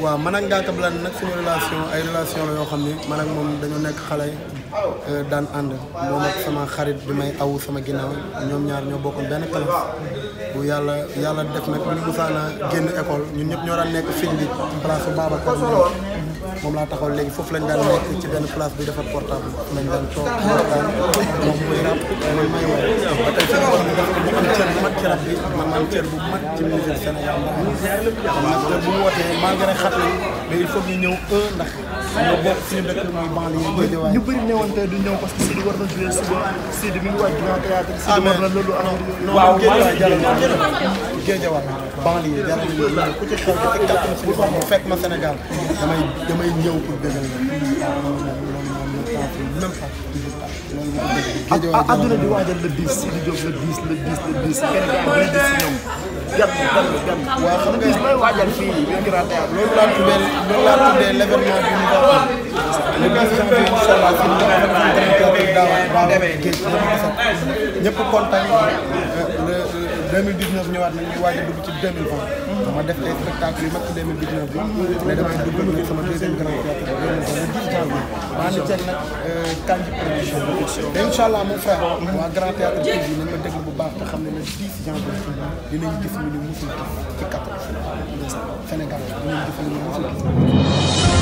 waaw man ak Ngaaka Blindé nag suñu relation ay relation la yoo xam ni man ak moom dañoo nekk xale euh, daan ànd moom ak sama xarit bi may awu sama ginnaaw ñoom ñaar ñoo bokkoon benn classe bu yàlla yàlla def nag bu ñu musaana génn école ñun ñëpp ñoo daan nekk fiñ bi place bu moom laa taxaw léegi foofu lañ daan nekk ci benn place bi defar portable lañ daan toog waxtaan cër bu mag ma rab bi man maam cër bu mag ci musée Sénégal a am. parce que bu wootee malgré xat nañ mais il faut ñu ñëw un ndax ñu du ñëw parce que Sidi war na jouer suba Sidi mi ngi waaj grand théâtre Sidi ah, war loolu am. waaw maa banlieue dara ñu ku ci xew ci jàpp na suñu bopp fekk ma Sénégal damay damay ñëw pour dëggal la. adduna di waajal le 10 Sidi Diop le 10 le 10 le 10 kenn ku nekk si ñoom gan gan gan. waaw xam nga gis looy waajal fii biir Grand Théâtre loolu laa tuddee loolu laa tuddee l'événement bi ñu ko am. le 10 janvier incha allah fi ñu ko am ñëpp kontaan 2019 ñëwaat nañ ñu waaj a dugg ci 2020. ma def ay spectacle yu mag ci 2019 bi. mais damay dugg nag sama deuxième grand théâtre bi 2020 le 10 janvier. maa ngi ceeg nag euh, Kandji production bi. te incha allah waa grand théâtre bi nañ ma déglu bu baax te xam ne le 10 janvier dinañ gis ñu ne musul gis ci 14 Sénégal dinañ gis ñu ne musul gis.